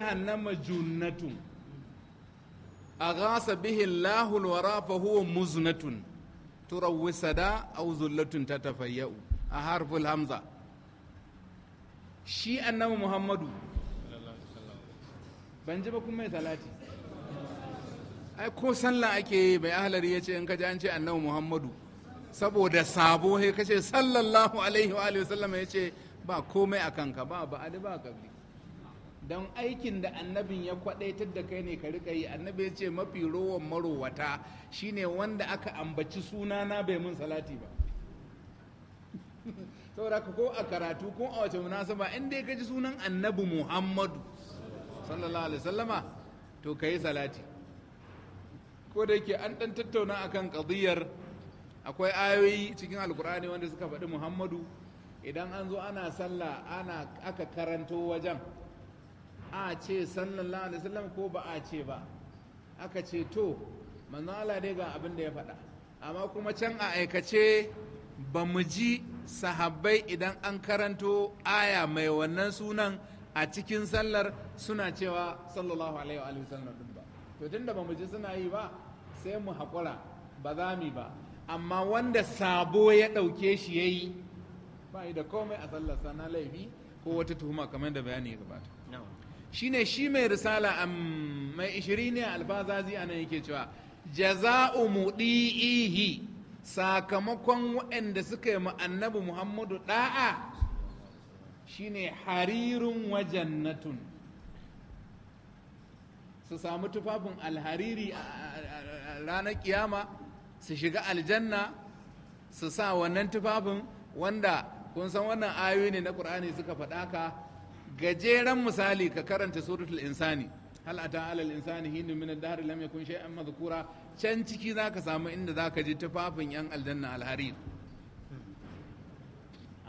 jahannama junnatun aghasa bihi Allahu alwara fa huwa muznatun a aw ta tafayyau a harful hamza shi annabi Muhammadu ban ji ba kuma mai salati ai ko sallah ake yi bai ahlari ya ce in ka an ce annabi Muhammadu saboda sabo sai ce sallallahu alaihi wa alihi wasallam ya ce ba komai a kanka ba ba ali ba kabli don aikin da annabin ya kwadaitar da kai ne ka rika yi annabi ya ce mafi rowan marowata shine wanda aka ambaci suna na bai mun salati ba saboda ko a karatu ko a wace munasaba in dai ka ji sunan annabi muhammadu sallallahu alaihi sallama to ka yi salati ko da yake an dan tattauna akan kadiyar akwai ayoyi cikin alkur'ani wanda suka faɗi muhammadu idan an zo ana sallah ana aka karanto wajen a ce sallallahu alaihi wasallam ko ba a ce ba aka ce to manzo Allah dai ga abin da ya faɗa amma kuma can a aikace ba mu ji sahabbai idan an karanto aya mai wannan sunan a cikin sallar suna cewa sallallahu alaihi wa sallam din ba to tunda ba mu ji suna yi ba sai mu haƙura ba za mu ba amma wanda sabo ya ɗauke shi ya yi ba da komai a sallar na laifi ko wata tuhuma kamar da bayani ya gabata shine shi mai risala mai ishiri ne alfazazi a nan yake cewa jaza'u muɗi'ihi sakamakon waɗanda suka yi annabi muhammadu ɗa'a shine haririn wajen natun. su samu tufafin alhariri a ranar kiyama su shiga aljanna su sa wannan tufafin wanda kun san wannan ayoyi ne na ƙur'ani suka faɗa ka gajeren misali ka karanta suratul insani hal ata alal insani hinu min ad-dahr lam yakun shay'an madhkura can ciki zaka samu inda zaka ji tufafin yan aljanna alharir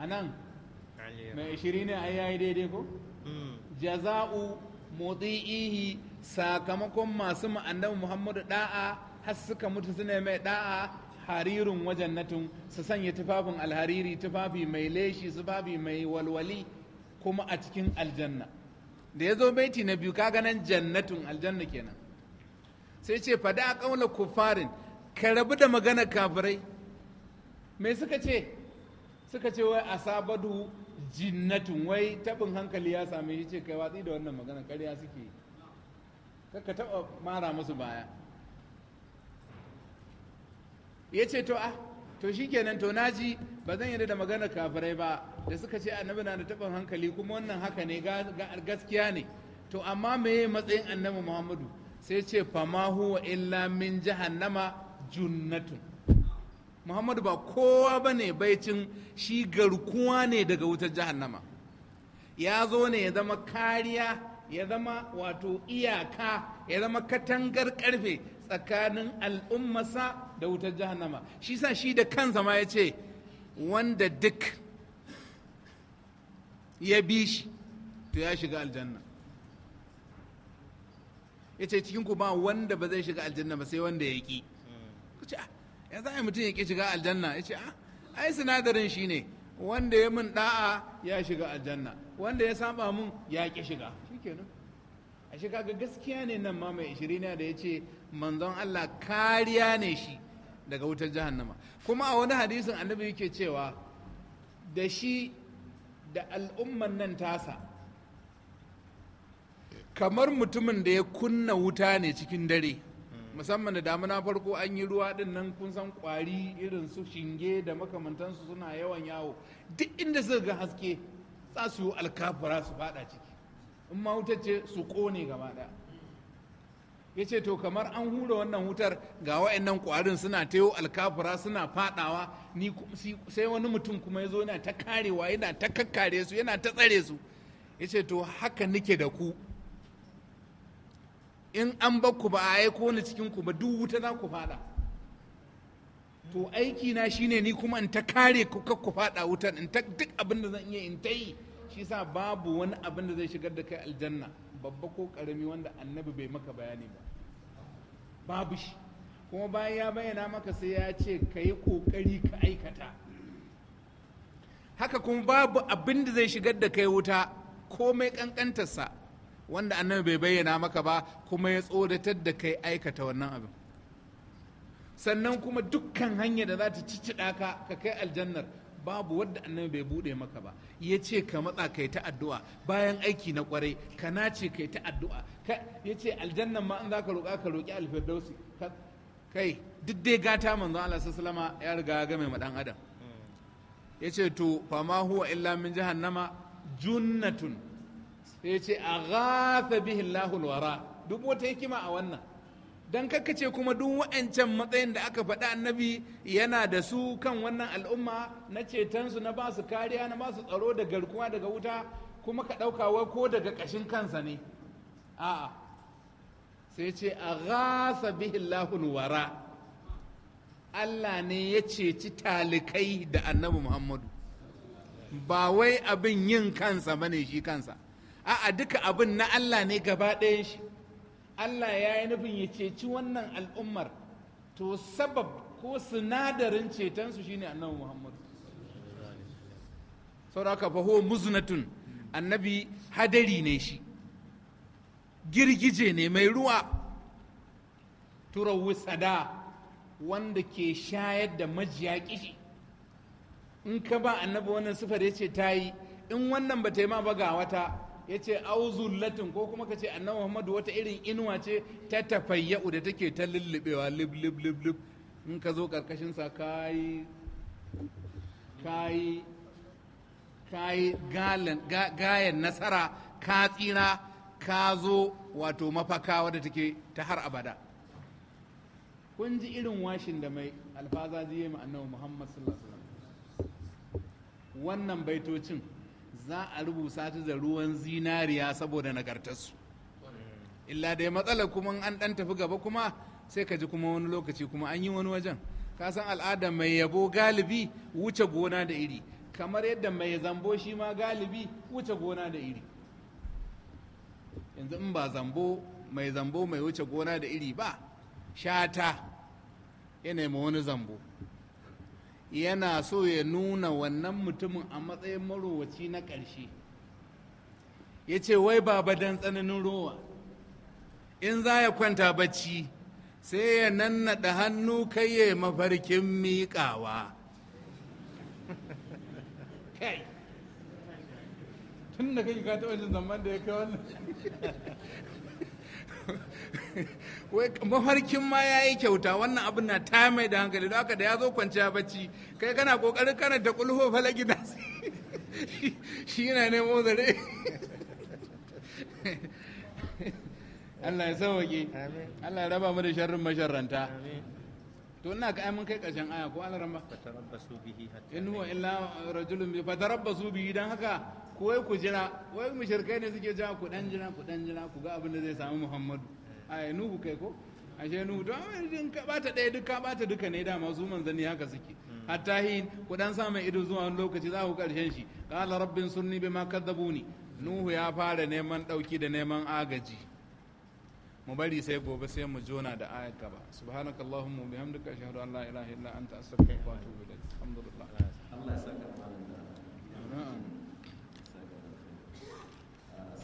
anan mai shiri ne ai yayi daidai ko hmm. jaza'u mudi'ihi sakamakon masu annabi muhammadu da'a har suka mutu suna mai da'a haririn wajen natun su sanya tufafin alhariri tufafi mai leshi tufafi mai walwali kuma a cikin aljanna da ya zo baiti na biyu kaga nan jannatun aljanna kenan sai ce fada a ƙaunar kufarin ka rabu da magana kafirai mai suka ce suka ce wai Sabadu jinnatun wai tabin hankali ya same shi ce kai watsi da wannan magana karya suke ka taɓa mara musu baya ya ce to a ah, to shi kenan to naji ba zan yarda da magana kafirai ba da suka ce annabi na da taɓin hankali kuma wannan haka ne gaskiya ne to amma meye matsayin annabi muhammadu sai ce fama huwa illa min jahannama junnatun muhammadu ba kowa ba ne baicin shi garkuwa ne daga wutar jahannama ya zo ne ya zama kariya ya zama wato iyaka ya zama katangar karfe tsakanin al'ummasa da wutar jahannama shi sa shi da kansa ma ya ce wanda duk ya bi shi to ya shiga aljanna ya ce cikin ba wanda ba zai shiga aljanna ba sai wanda ya ki ah, ya za a mutum ya ki shiga aljanna ya ce a, ah, ai sinadarin shi ne wanda ya min da'a ya shiga aljanna wanda ya saba mun ya ki shiga a shiga ga gaskiya ne nan ma mai ishirina da ya ce manzon Allah kariya ne shi daga wutar jahannama kuma a wani hadisin annabi yake cewa da shi da al'umman nan tasa kamar mutumin da ya kunna wuta ne cikin dare musamman da damuna farko an yi ruwa din nan kun san kwari irin su shinge da makamantansu suna yawan yawo duk inda suka ga haske za su yi alkafura su fada ciki in ma wuta ce su kone gaba daya ya ce to kamar an hura wannan wutar ga wa'annan kwarin suna ta yau alkafura suna faɗawa sai wani mutum kuma ya zo yana ta karewa yana ta kakkare su yana ta tsare su ya ce to haka nike da ku in an ku ba a aiko ni cikin ku ba duk wuta za ku fada to aiki na shine ni kuma in ta kare ku kakku ku fada wutar in ta duk abin da zan iya in ta yi shi sa babu wani abin da zai shigar da kai aljanna babba ko karami wanda annabi bai maka bayani ba babu shi kuma bayan ya bayyana maka sai ya ce ka yi ƙoƙari ka aikata haka kuma babu abin da zai shigar da kai wuta komai ƙanƙantarsa wanda annabi bai bayyana maka ba kuma ya tsodatar da kai aikata wannan abin sannan kuma dukkan hanyar da za ta cicciɗa ka ka kai aljannar babu wadda annabi bai bude maka ba ya ce ka matsa kai ta addu'a bayan aiki na kwarai ka nace kai ta addu'a ya ce aljannan ma an za ka roƙa ka roƙi alfirdausi kai duk dai gata manzon Allah sallama ya riga ga mai madan adam ya ce to fama huwa illa min jahannama junnatun ya ce a bihi Allahul wara duk wata hikima a wannan don ce kuma duk wa'ancan matsayin da aka faɗa annabi yana da su kan wannan al'umma na cetonsu na ba su kariya na ba su tsaro da garkuwa daga wuta kuma ka ɗaukawa ko daga ƙashin kansa ne a'a sai ce a gasa bihin wara Allah ne ya ceci talikai da annabi Muhammadu ba wai abin yin kansa ba ne shi kansa a'a duka abin na Allah ne gaba ɗayan shi Allah ya yi nufin ya ceci wannan al'ummar to sabab ko sinadarin cetonsu shine annabi Muhammad sauraka faho muznatun annabi hadari ne shi girgije ne mai ruwa turawu sada wanda ke shayar da majiya kishi in ka ba annabi wannan sufar ya ce ta yi in wannan ba ta yi ma ba ga wata ya ce auzulatin ko kuma ka ce annabi muhammadu wata irin inuwa ce ta tafayya'u da take ta lullubewa lib lib lib lib in ka zo karkashinsa kayi kayi kayi gayan nasara ka tsira ka zo wato mafaka wadda take ta har abada kun ji irin washin da mai alfazaji ya annabi muhammad sallallahu alaihi wasallam wannan baitocin za a rubuta ta da ruwan zinariya saboda nagartarsu illa dai matsalar kuma an dan tafi gaba kuma sai ka ji kuma wani lokaci kuma an yi wani wajen ka san al'ada mai yabo galibi wuce gona da iri kamar yadda mai zambo shi ma galibi wuce gona da iri yanzu in ba zambo mai zambo mai wuce gona da iri ba shata yana ma wani zambo yana so ya nuna wannan mutumin a matsayin marowaci na ƙarshe ya ce wai baba don tsananin rowa in za ya kwanta bacci sai ya nannaɗa hannu kai ya mafarkin miƙawa kai tun da kai ka taɓa jin zaman da ya kai wannan mafarkin ma ya yi kyauta wannan abin na ta mai da hankali don haka da ya zo kwanciya bacci kai kana kokarin kana da kulho fala gida shi yana nemo zare Allah ya sauwaƙe Allah ya raba mu da sharrin masharranta to ina ka mun kai ƙarshen aya ko Allah ramba fatarabbasu bihi hatta in huwa illa rajulun fatarabbasu bihi dan haka wai ku jira wai mushrikai ne suke jira ku dan jira ku dan jira ku ga abin da zai samu muhammadu ai nuhu kai ko ashe nuhu don in ka bata daya duka bata duka ne dama su manzanni haka suke hmm. hatta hi ku dan sa mai ido zuwa wani lokaci za ku karshen shi qala rabbin sunni bima kadzabuni nuhu ya fara neman dauki da neman agaji mu bari sai gobe sai mu jona da ayat gaba subhanakallahumma wa bihamdika ashhadu an la ilaha illa anta astaghfiruka wa atubu ilaik alhamdulillah Allah ya saka na'am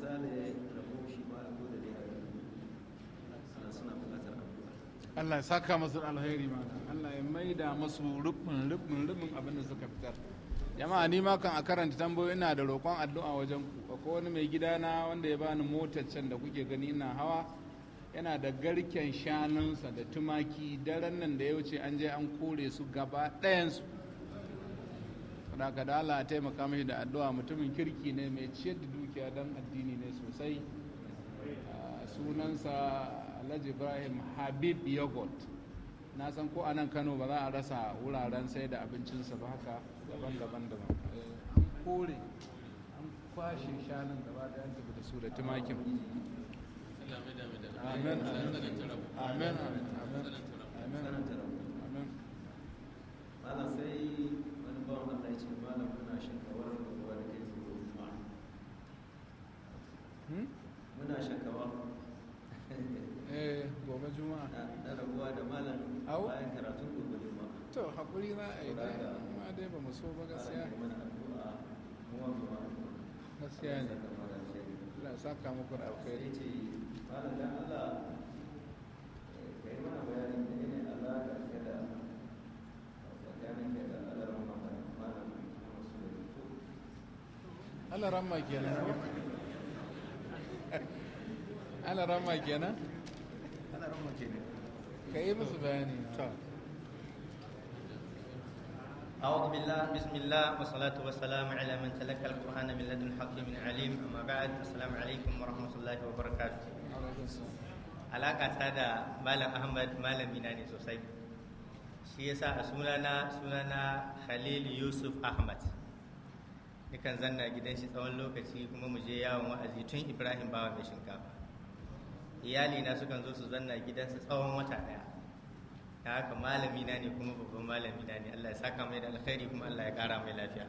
da Allah ya saka masu alheri ma Allah ya maida masu rubin rubin rubin abin da suka fitar jama'a ni ma kan a karanta tambayoyi ina da roƙon addu'a wajen ku akwai wani mai gidana wanda ya bani motar can da kuke gani ina hawa yana da garken shanunsa da tumaki daren nan da ya wuce an je an kore su gaba su saboda haka da Allah ya taimaka mishi da addu'a mutumin kirki ne mai ciyar da dukiya don addini ne sosai sunansa Alhaji Ibrahim Habib Yogurt na san ko nan Kano ba za a rasa wuraren sai da abincinsa ba haka daban-daban daban eh, an kore an kwashe shanun gaba da an da su da tumakin amen amen amen amen amen amen ba Allah ya ce malam muna shakawar da kuwa da kai zuwa Usman hmm? muna shakawa eh gobe juma'a da rabuwa da malam bayan karatun gobe juma'a to hakuri na a yi dai ma dai ba mu so ba gaskiya gaskiya ne Allah saka muku da alkhairi ce malam dan Allah eh, kai mana bayanin ana ramma kenan ana ramma kenan ana ramma kenan ka yi أعوذ بالله بسم الله والصلاة والسلام على من تلقى القرآن من لدن حكيم عليم أما بعد السلام عليكم ورحمة الله وبركاته da malam ahmad malamina ne sosai shi yasa a sunana sunana khalil yusuf ahmad yakan zanna gidan shi tsawon lokaci kuma mu je yawon wa'azi tun ibrahim bawa mai shinkafa iyali na sukan zo su zanna gidansa tsawon wata daya ta haka malami na ne kuma babban malami na ne allah ya saka mai da alkhairi kuma allah ya kara mai lafiya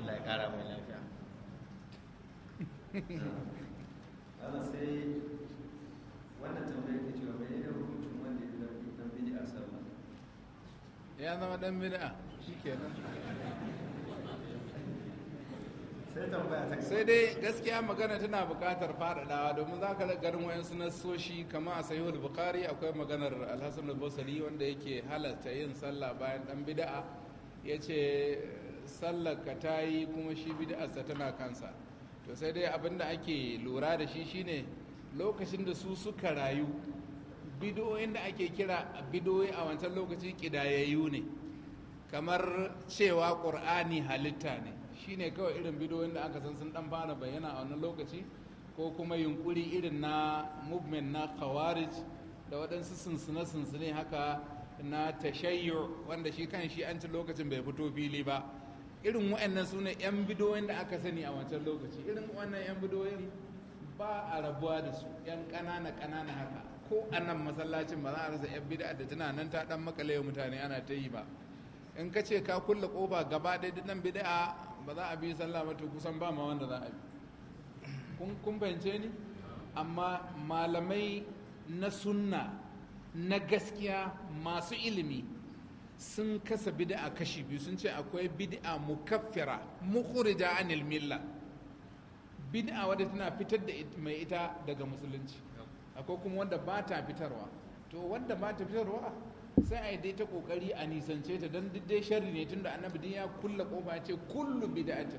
allah ya kara mai lafiya Allah sai wannan tambayar ke cewa mai yadda hukuncin wanda ya bi dan bid'a sallah ya zama dan bid'a shikenan sai dai gaskiya magana tana bukatar faɗaɗawa domin za ka garin wayansu nasoshi kama a sahihul bukari akwai maganar alhassan al-basri wanda yake halarta yin sallah bayan ɗan bida'a ya ce sallar ka ta yi kuma shi bida'arsa tana kansa to sai dai abin da ake lura da shi shine lokacin da su suka rayu bidoyin da ake kira bidoyi a wancan lokacin ƙidayayyu ne kamar cewa ƙur'ani halitta ne shine kawai irin bidiyoyin da aka san sun dan fara bayyana a wannan lokaci ko kuma yunkuri irin na movement na khawarij da waɗansu sunsuna sinsine haka na tashayyu wanda shi kan shi an ci lokacin bai fito fili ba irin waɗannan su ne 'yan bidoyin da aka sani a wancan lokaci irin wannan 'yan bidoyin ba a rabuwa da su 'yan ƙanana-ƙanana haka ko a nan masallacin ba za a rasa 'yan bida da tunanin ta dan makale mutane ana ta yi ba in ka ce ka kulle kofa gaba ɗaya duk nan bid'a ba za a bi sallah ba to kusan ba ma wanda za a bi kun kun fahimce ni amma malamai na sunna na gaskiya masu ilimi sun kasa bid'a kashi biyu sun ce akwai bid'a mukaffira mukhrija anil milla bid'a wadda tana fitar da mai ita daga musulunci akwai kuma wanda ba ta fitarwa to wanda ba ta fitarwa sai a yi dai ta kokari a nisance ta don duk dai sharri ne tunda annabi din ya kulla kofa ce kullu bid'atin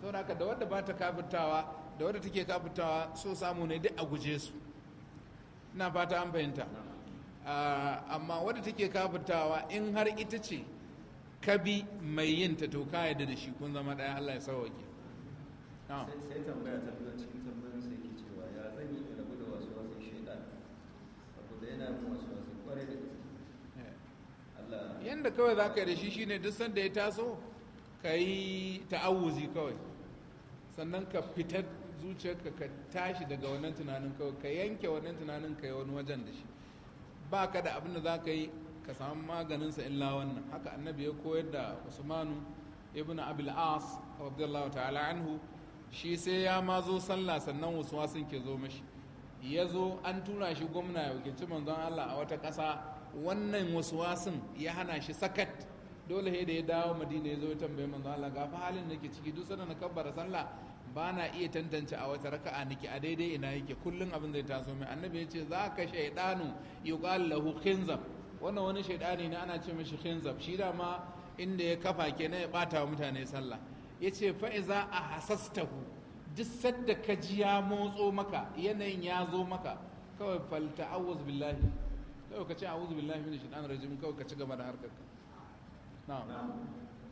saboda haka da wadda ba ta kafirtawa da wadda take kafirtawa so samu ne duk a guje su ina fata an fahimta ah, amma wadda take kafirtawa in har ita ce bi mai yin ta to ka yadda da shi kun zama ɗaya Allah ya sauwake sai tambaya ta da kawai za ka yi da shi shine duk sanda ya taso ka yi ta'awuzi kawai sannan ka fitar zuciyarka ka tashi daga wannan tunanin kawai ka yanke wannan tunanin ka yi wani wajen da shi ba ka da abin da za ka yi ka samu maganinsa illa wannan haka annabi ya koyar da usmanu ibn abil as radiyallahu ta'ala anhu shi sai ya ma zo sallah sannan wasu wasan ke zo mashi ya zo an tura shi gwamna ya wakilci manzon allah a wata ƙasa wannan waswasin ya hana shi sakat dole sai da ya dawo madina ya zo ya tambaye manzo Allah ga fa halin nake ciki duk sanan na kabbara sallah ba na iya tantance a wata raka'a nake a daidai ina yake kullun abin zai taso mai annabi ya ce za ka shaidanu yuqal lahu khinzab wannan wani shaidani ne ana ce shi khinzab shi da ma inda ya kafa kenan ya bata wa mutane sallah ya ce fa iza a hasastahu duk sadda ka ji ya motso maka yanayin ya zo maka kawai falta awuz billahi kawai ka ce wuzu billahi shi ɗan rajim kawai ka ci gaba da harkar ka na'am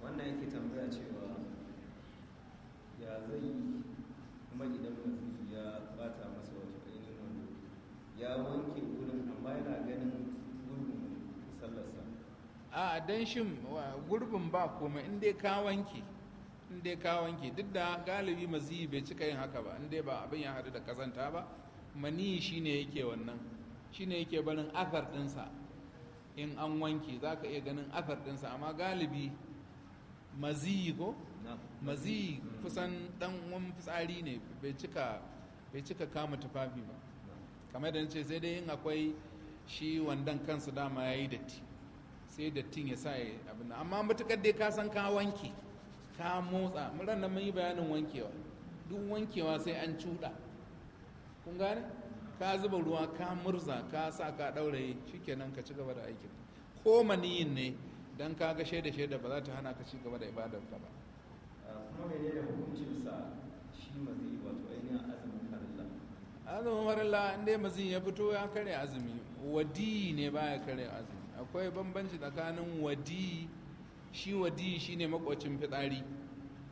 wannan yake tambaya cewa ya zai kuma idan mutum ya bata masa wata ainihin wando ya wanke wurin amma yana ganin gurbin sallarsa a dan shin gurbin ba komai in dai ka wanke in dai ka wanke duk da galibi mazi bai cika yin haka ba in dai ba abin ya hadu da kazanta ba mani shine yake wannan shine yake barin athar ɗinsa in an wanke za ka iya ganin athar ɗinsa amma galibi maziyi ko maziyi kusan ɗan wani fitsari ne bai cika kama tufafi ba kamar da ce sai dai in akwai shi wandan kansu dama ya yi datti sai dattin ya sa ya abin amma matukar dai ka san ka wanke ka motsa mun da mun yi bayanin wankewa duk wankewa sai an cuɗa kun gane ka zuba ruwa ka murza ka sa ka ɗauraye shikenan ka ci gaba da aikin ko maniyin ne don ka ga shaida shaida ba za ta hana ka ci gaba da ibadar ka ba ah, kuma menene hukuncinsa shi mazi wato ainihin azumin farilla azumin farilla in dai mazi ya fito ya karya azumi wadi ne ya karya azumi akwai bambanci tsakanin wadi shi wadi ne makwacin fitsari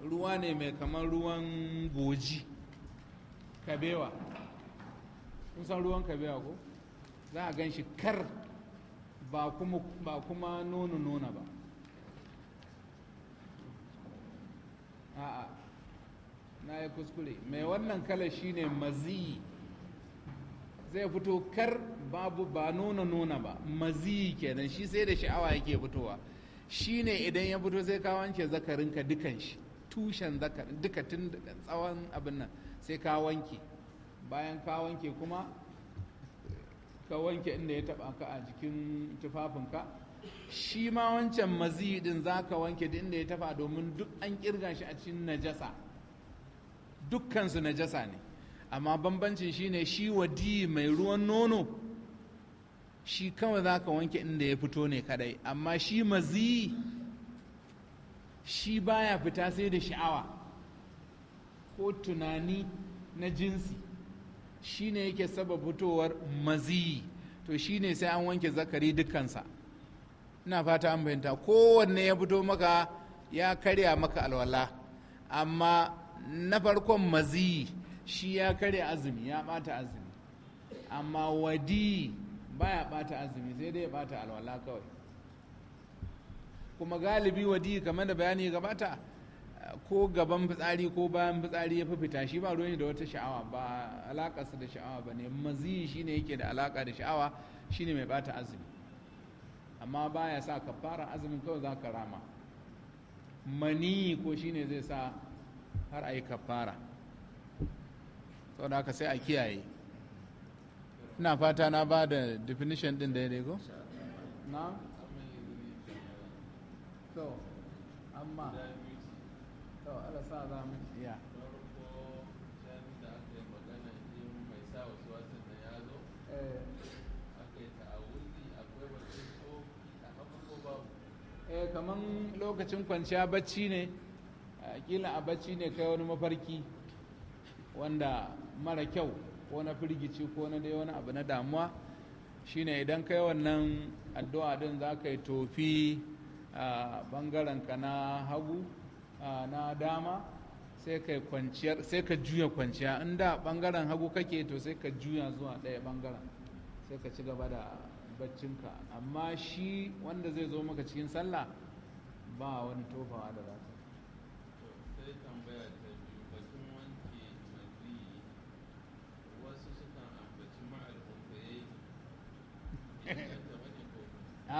ruwa ne mai kamar ruwan goji kabewa kusan ruwan kabewa ko za a gan shi kar ba kuma nono nona ba a na yi kuskure mai wannan kala shine maziyi zai fito kar babu ba nono nona ba maziyi kenan shi sai da sha'awa yake fitowa shi ne idan ya fito sai ka wanke zakarinka dukan shi tushen zakarin duka tun tsawon abin nan sai ka wanke bayan ka wanke kuma ka wanke inda ya taba ka a jikin tufafinka shi ma wancan mazi za ka wanke duk inda ya tafa. domin duk an kirga shi a cikin najasa dukkansu najasa ne amma bambancin shi ne shi wadi mai ruwan nono shi kawai za ka wanke inda ya fito ne kadai amma shi mazi shi baya fita sai da sha'awa ko tunani na jinsi shine yake saba fitowar mazi to shine sai an wanke zakari dukkansa ina fata an bayanta. kowanne ya fito maka ya karya maka alwala amma na farkon mazi shi ya karya azumi ya bata azumi amma wadi baya bata azumi sai dai ya bata alwala kawai kuma galibi wadi kamar da bayani gabata ko gaban fitsari ko bayan fitsari ya fi fita shi ba ruwan da wata sha'awa ba alakarsa da sha'awa ba ne mazi shi ne yake da alaƙa da sha'awa shi ne mai bata azumi amma baya sa ka fara azumin kawai za ka rama mani ko shi ne zai sa har a yi kafara saboda haka sai a kiyaye ina fata na ba da definition din ya ya na? so amma Eh, eh, kaman lokacin kwanciya bacci ne kila a bacci ne kai wani mafarki wanda mara kyau ko na firgici ko na dai wani abu na damuwa shine idan kai wannan addu'a din za ka yi tofi a bangaren ka na hagu na dama sai ka kwanciyar sai ka juya kwanciya in da bangaren hagu kake to sai ka juya zuwa ɗaya bangaren sai ka ci gaba da baccinka amma shi wanda zai zo maka cikin sallah ba wani tofawa da za ta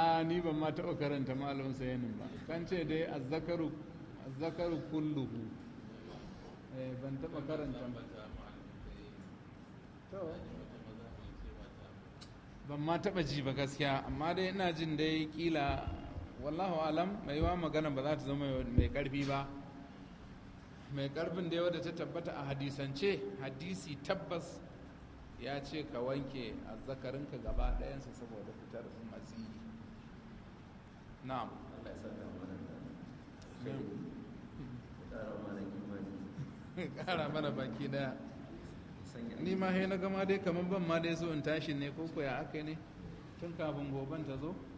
a ni ban ma taɓa karanta ma'al hunsayenin ba kan ce dai azzakaru zakaru kulluhu ban taɓa karanta ban ma taɓa ji ba gaskiya amma dai ina jin dai kila wallahu alam mai wa magana ba za ta zama mai ƙarfi ba mai ƙarfin dai wadda ta tabbata a hadisance hadisi tabbas ya ce ka wanke a azzakarinka gaba ɗayansa saboda fitar maziyi na'am Allah ya kara mana baki daya ni ma na gama dai kamar ban ma dai so in tashi ne ko ya aka ne tun kafin goban ta zo